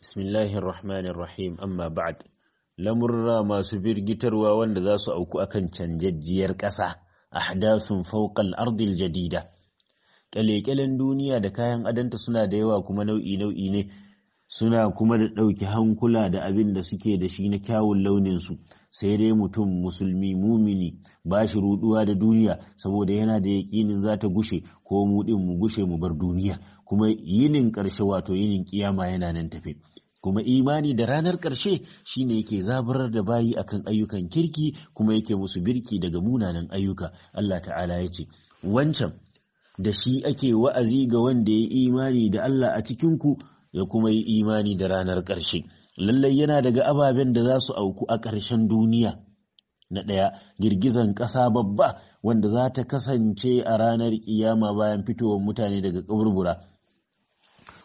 bismillahir rahmanir rahim amma ba'd lamurra masu birgitarwa wanda za su auku akan canjajjiyar ƙasa ahdasun fawqal ardil jadida ƙyale-ƙyalen duniya da kayan adanta suna da yawa kuma nau'i nau'i ne suna kuma da ɗauki hankula da abin da suke da shi na kyawun launinsu sai dai mutum musulmi mumini ba shi ruduwa da duniya saboda yana da yaƙinin za ta gushe ko mu ɗin mu gushe mu bar duniya kuma yinin ƙarshe wato yinin ƙiyama yana nan tafe kuma imani da ranar ƙarshe shine yake zaburar da bayi akan ayyukan kirki kuma yake musu birki daga munanan ayyuka Allah ta'ala ya ce wancan da shi ake wa'azi ga wanda ya imani da Allah a cikinku ya kuma yi imani da ranar ƙarshe lallai yana daga ababen da za su auku a ƙarshen duniya na ɗaya girgizan ƙasa babba wanda za ta kasance a ranar ƙiyama bayan fitowar mutane daga ƙaburbura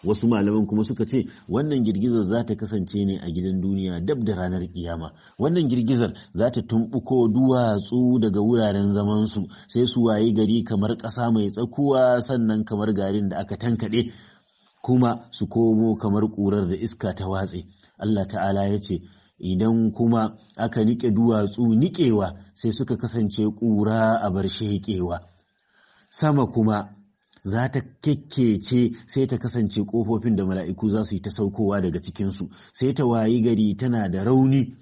wasu malaman kuma suka ce wannan girgizar za ta kasance ne a gidan duniya dab da ranar ƙiyama. wannan girgizar za ta tumbuko duwatsu daga wuraren zamansu sai su waye gari kamar ƙasa mai tsakuwa sannan kamar garin da aka tankaɗe kuma su komo kamar ƙurar da iska ta watse Allah ta'ala ya ce idan kuma aka niƙe duwatsu niƙewa sai suka kasance ƙura a bar sheƙewa sama kuma za ta kekkece sai ta kasance ƙofofin da mala'iku za su yi ta saukowa daga cikinsu sai ta wayi gari tana da rauni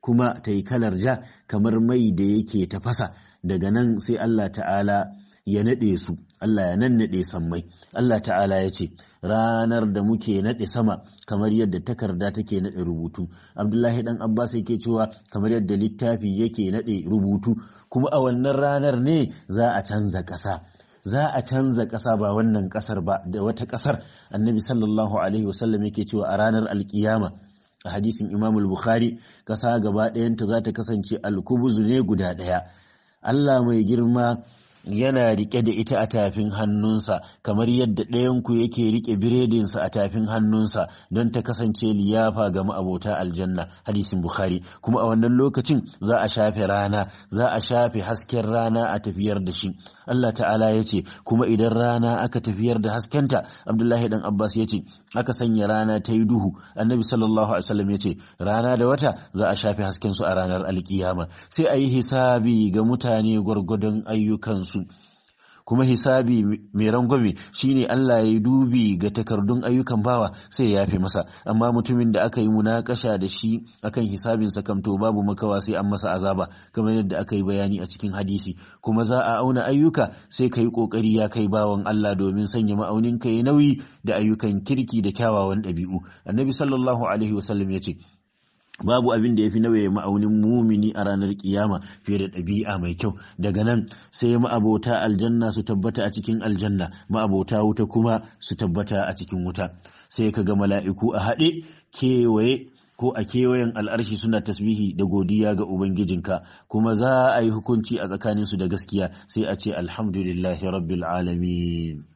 kuma ta yi kalar ja kamar mai da yake tafasa daga nan sai Allah ta'ala ya naɗe su Allah ya nannaɗe sammai Allah ta'ala ya ce ranar da muke naɗe sama kamar yadda takarda take naɗe rubutu Abdullahi dan Abbas yake cewa kamar yadda littafi yake naɗe rubutu kuma a wannan ranar ne za a canza ƙasa za a canza ƙasa ba wannan ƙasar ba da wata ƙasar annabi sallallahu alaihi wasallam yake cewa a ranar alkiyama a hadisin imam al bukhari ƙasa gaba ɗayanta za ta kasance alkubuzu ne guda ɗaya Allah mai girma yana rike da ita a tafin hannunsa kamar yadda ɗayanku yake rike biredinsa a tafin hannunsa don ta kasance liyafa ga ma'abota aljanna hadisin bukhari kuma a wannan lokacin za a shafe rana za a shafe hasken rana a tafiyar da shi Allah ta'ala ya ce kuma idan rana aka tafiyar da haskenta abdullahi dan abbas ya ce aka sanya rana ta yi duhu annabi sallallahu alaihi wasallam ya ce rana da wata za a shafe hasken su a ranar alkiyama sai a yi hisabi ga mutane gwargwadon ayyukansu su kuma hisabi mai rangwame shine Allah ya yi dubi ga takardun ayyukan bawa sai ya yafe masa amma mutumin da aka yi munakasha da shi akan hisabin sakamto babu makawa sai an masa azaba kamar yadda aka yi bayani a cikin hadisi kuma za a auna ayyuka sai ka yi kokari ya kai bawan Allah domin sanya ma'aunin ka yi nauyi da ayyukan kirki da kyawawan ɗabi'u annabi sallallahu alaihi wasallam ya ce babu abin da ya fi nauye ma'aunin mumini a ranar kiyama fiye da ɗabi'a mai kyau daga nan sai ma'abota aljanna su tabbata a cikin aljanna ma'abota wuta kuma su tabbata a cikin wuta sai ka ga mala'iku a haɗe kewaye ko a kewayen al'arshi suna tasbihi da godiya ga ubangijinka kuma za a yi hukunci a tsakaninsu da gaskiya sai a ce alhamdulillahi rabbil alamin